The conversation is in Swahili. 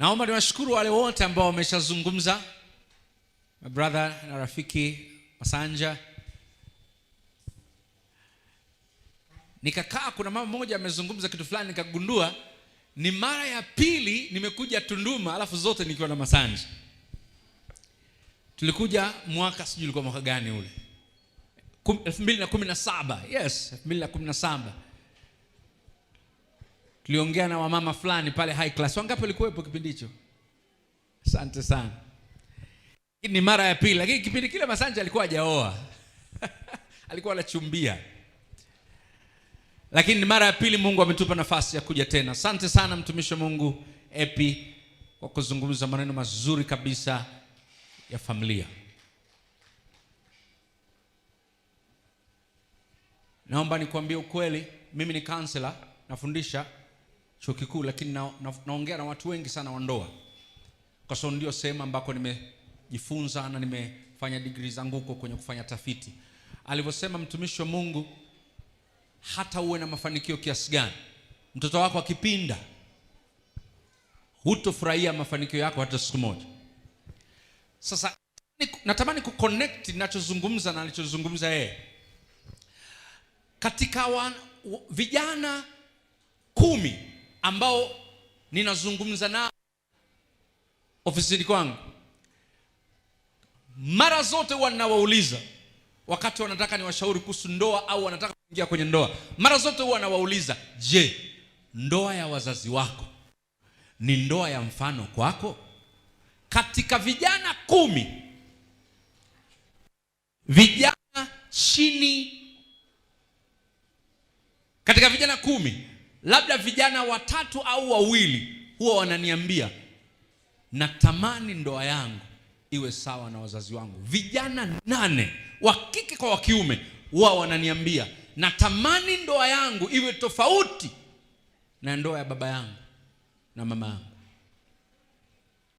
Naomba niwashukuru wale wote ambao wameshazungumza, my brother na rafiki Masanja. Nikakaa, kuna mama mmoja amezungumza kitu fulani, nikagundua ni mara ya pili nimekuja Tunduma, alafu zote nikiwa na Masanja. Tulikuja mwaka sijui ulikuwa mwaka gani ule, elfu mbili na kumi na saba. Yes, elfu mbili na kumi na saba liongea na wamama fulani pale high class. Wangapi walikuwepo kipindi hicho? Asante sana. Hii ni mara ya pili, lakini kipindi kile Masanja alikuwa hajaoa. alikuwa anachumbia. Lakini ni mara ya pili Mungu ametupa nafasi ya kuja tena. Asante sana mtumishi wa Mungu Epi kwa kuzungumza maneno mazuri kabisa ya familia. Naomba nikwambie ukweli, mimi ni counselor, nafundisha chuo kikuu, lakini na, na, naongea na watu wengi sana wa ndoa, kwa sababu ndio sehemu ambako nimejifunza na nimefanya digri zangu huko kwenye kufanya tafiti. Alivyosema mtumishi wa Mungu, hata uwe na mafanikio kiasi gani, mtoto wako akipinda, hutofurahia mafanikio yako hata siku moja. Sasa natamani kuconnect ninachozungumza na alichozungumza yeye katika wa, vijana kumi ambao ninazungumza nao ofisini kwangu, mara zote wanawauliza wakati wanataka niwashauri kuhusu ndoa au wanataka kuingia kwenye ndoa, mara zote huwa nawauliza, je, ndoa ya wazazi wako ni ndoa ya mfano kwako? Katika vijana kumi, vijana chini, katika vijana kumi labda vijana watatu au wawili huwa wananiambia natamani ndoa yangu iwe sawa na wazazi wangu. Vijana nane wa kike kwa wa kiume huwa wananiambia natamani ndoa yangu iwe tofauti na ndoa ya baba yangu na mama yangu.